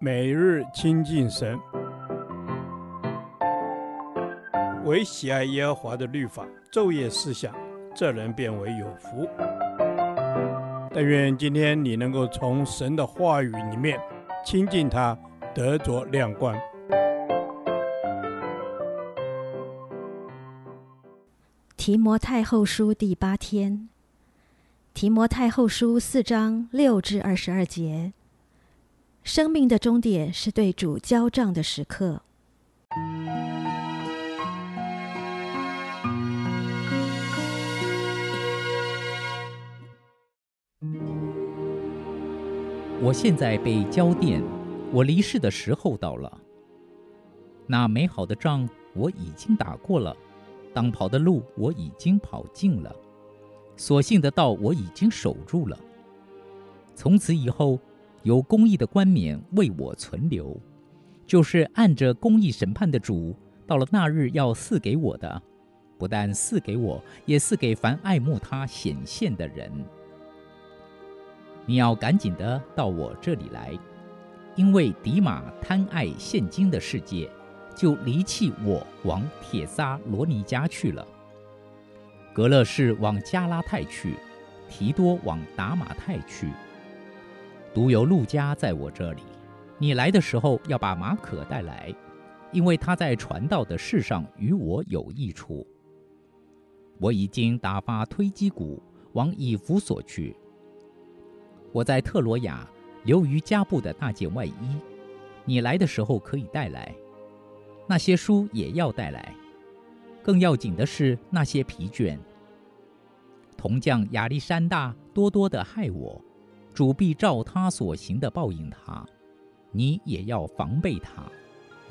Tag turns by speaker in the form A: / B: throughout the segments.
A: 每日親近神，唯喜愛耶和華的律法，晝夜思想，這人便為有福。但願今天你能夠從神的話語裡面親近他，得着亮光。
B: 提摩太後書第八天，提摩太後書四章六至二十二節。生命的終點是對主交帳的時刻。
A: 我現在被澆奠，我離世的時候到了。那美好的仗我已經打過了，當跑的路我已經跑盡了，所信的道我已經守住了。從此以後。有公義的冠冕為我存留，就是按着公義審判的主，到了那日要賜給我的，不但賜給我，也賜給凡愛慕他顯現的人。你要趕緊的到我這裡來，因為底馬貪愛現今的世界，就離棄我往帖撒羅尼迦去了；革勒士往加拉太去，提多往撻馬太去。獨有路加在我這裡。你來的時候要把馬可帶來，因為他在傳道的事上與我有益處。我已經打發推基古往以弗所去。我在特羅亞留於加布的那件外衣，你來的時候可以帶來。那些書也要帶來。更要緊的是那些皮卷。銅匠亞歷山大多多的害我。主必照他所行的報應他，你也要防備他，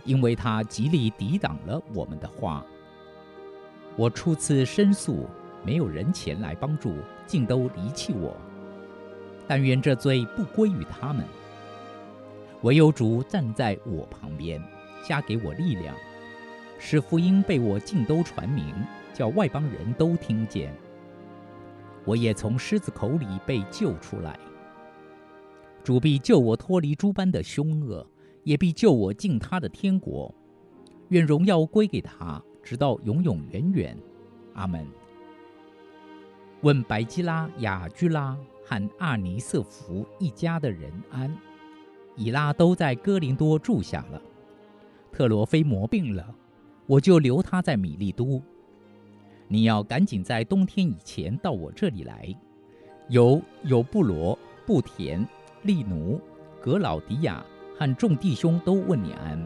A: 因為他極力抵擋了我們的話。我初次申訴，沒有人前來幫助，竟都離棄我。但願這罪不歸於他們。唯有主站在我旁邊，加給我力量，使福音被我盡都傳明，叫外邦人都聽見。我也從獅子口裡被救出來。主必救我脫離諸般的兇惡，也必救我進他的天國。願榮耀歸給他，直到永永遠遠。阿門。問百基拉、雅居拉和阿尼色弗一家的人安。以拉都在哥林多住下了。特羅非摩病了，我就留他在米利都。你要趕緊在冬天以前到我這裡來。有有布羅布田。利奴、格老迪亞和眾弟兄都問你安，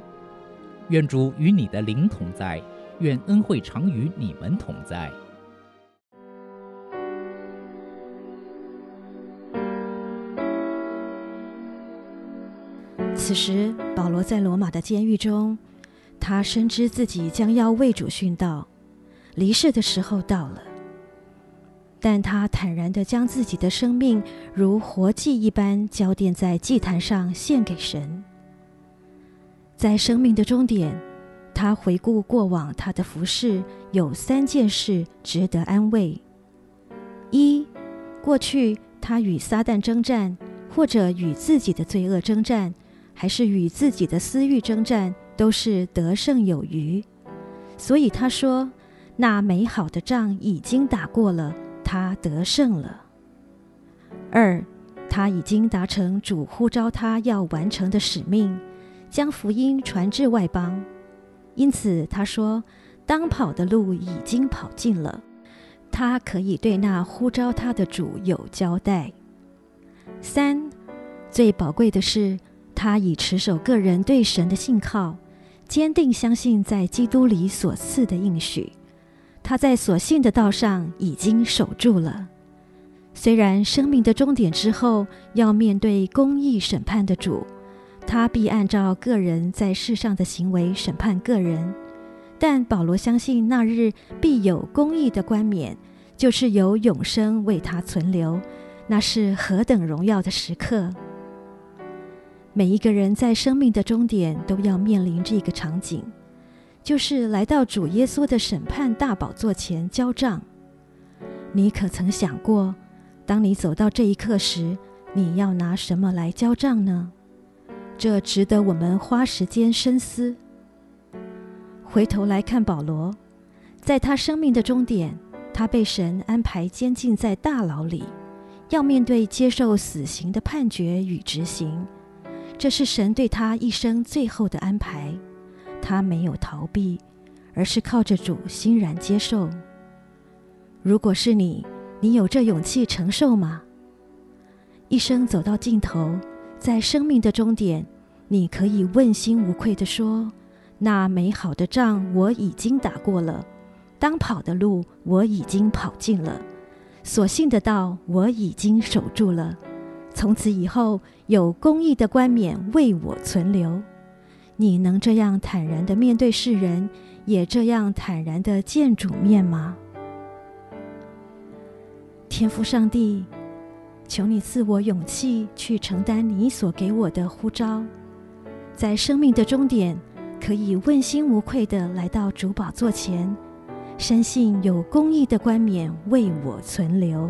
A: 願主與你的靈同在，願恩惠常與你們同在。
B: 此時，保羅在羅馬的監獄中，他深知自己將要為主殉道，離世的時候到了。但他坦然地將自己的生命如活祭一般澆奠在祭壇上，獻給神。在生命的終點，他回顧過往，他的服事有三件事值得安慰：一，過去他與撒旦征戰，或者與自己的罪惡征戰，還是與自己的私欲征戰，都是得勝有餘。所以他說，那美好的仗已經打過了。他得勝了。二，他已經達成主呼召他要完成的使命，將福音傳至外邦，因此他說：“當跑的路已經跑盡了，他可以對那呼召他的主有交代。”三，最寶貴的是，他已持守個人對神的信靠，堅定相信在基督裡所賜的應許。他在所信的道上已經守住了。雖然生命的終點之後要面對公義審判的主，他必按照個人在世上的行為審判個人，但保羅相信那日必有公義的冠冕，就是有永生為他存留。那是何等榮耀的時刻！每一個人在生命的終點都要面臨這個場景。就是來到主耶穌的審判大寶座前交賬。你可曾想過，當你走到這一刻時，你要拿什麼來交賬呢？這值得我們花時間深思。回頭來看保羅，在他生命的終點，他被神安排監禁在大牢裡，要面對接受死刑的判決與執行。這是神對他一生最後的安排。他沒有逃避，而是靠着主欣然接受。如果是你，你有這勇氣承受嗎？一生走到盡頭，在生命的終點，你可以問心無愧地說：“那美好的仗我已經打過了，當跑的路我已經跑盡了，所信的道我已經守住了。從此以後，有公義的冠冕為我存留。”你能這樣坦然的面對世人，也這樣坦然的見主面嗎？天父上帝，求你賜我勇氣去承擔你所給我的呼召，在生命的終點，可以問心無愧的來到主寶座前，深信有公義的冠冕為我存留。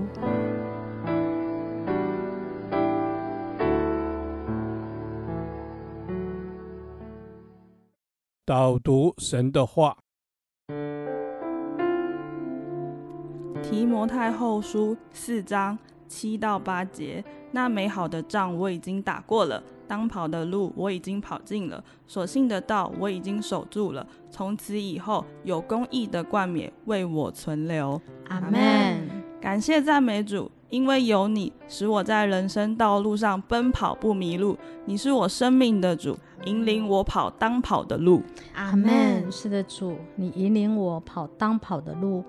C: 導讀神的話，提摩太後書四章七到八節：那美好的仗我已經打過了，當跑的路我已經跑盡了，所信的道我已經守住了。從此以後，有公義的冠冕為我存留。阿門。感謝讚美主，因為有你，使我在人生道路上奔跑不迷路。你是我生命的主，引領我跑當跑的路。阿門。
B: 是的，主，你引領我跑當跑的路，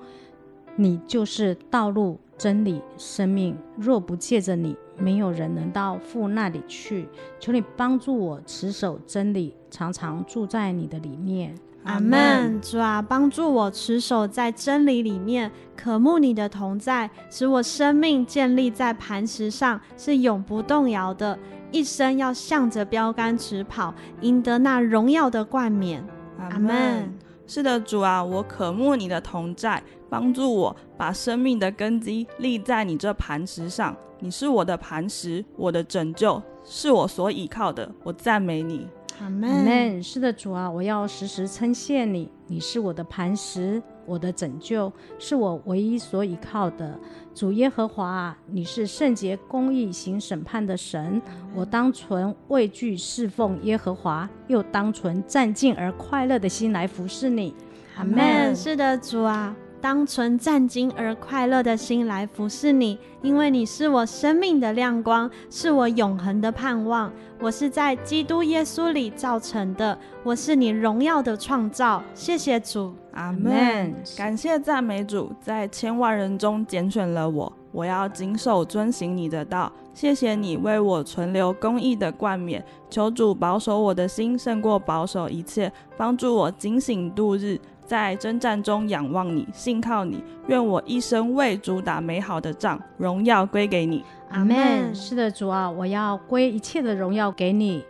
B: 你就是道路、真理、生命。若不借着你，沒有人能到父那裡去。求你幫助我持守真理，常常住在你的裡面。阿門，主啊，幫助我持守在真理裡面，渴慕你的同在，使我生命建立在磐石上，是永不動搖的。一生要向着標杆直跑，贏得那榮耀的冠冕。
C: 阿門。是的，主啊，我渴慕你的同在，幫助我把生命的根基立在你這磐石上。你是我的磐石，我的拯救，是我所倚靠的。我讚美你。
B: 阿們是的，主啊，我要時時稱謝你，你是我的磐石，我的拯救，是我唯一所依靠的主耶和華，你是聖潔公義行審判的神，我當存畏懼侍奉耶和華，又當存戰兢而快樂的心來服侍你。阿們是的，主啊。當存戰兢而快樂的心來服侍你，因為你是我生命的亮光，是我永恆的盼望。我是
C: 在基督耶穌裡造成的，我是你榮耀的創造。謝謝主，阿門。感謝讚美主，在千萬人中揀選了我。我要謹守遵行你的道。謝謝你為我存留公義的冠冕。求主保守我的心，勝過保守一切，幫助我警醒度日。在征戰中仰望你，信靠你，願我一生為主打美好的仗，榮耀歸給你。阿門。是
B: 的，主啊，我要歸一切的榮耀給你。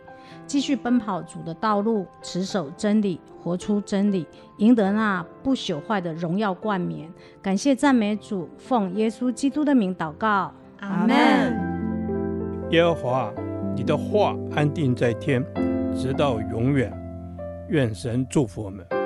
B: 繼續奔跑主的道路，持守真理，活出真理，贏得那不朽壞的榮耀冠冕。感謝讚美主，奉耶穌基督的名禱告。阿門。
A: 耶和華，你的話安定在天，直到永遠。願神祝福我們。